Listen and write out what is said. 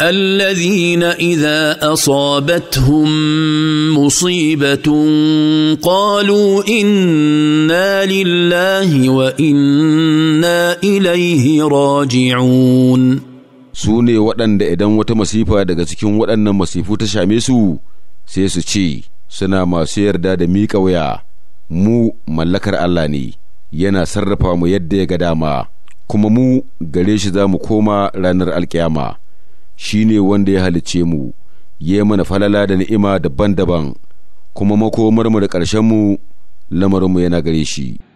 الذين اذا اصابتهم مصيبه قالوا انا لله وانا اليه راجعون su ne waɗanda idan wata masifa daga cikin waɗannan masifu ta shame su sai su ce suna masu yarda da miƙa waya mu mallakar Allah ne yana sarrafa mu yadda ya ga dama kuma mu gare shi za mu koma ranar alkiyama. shi ne wanda ya halicce mu ya mana falala da ni'ima daban-daban kuma makomar mu da ƙarshen mu lamarinmu yana gare shi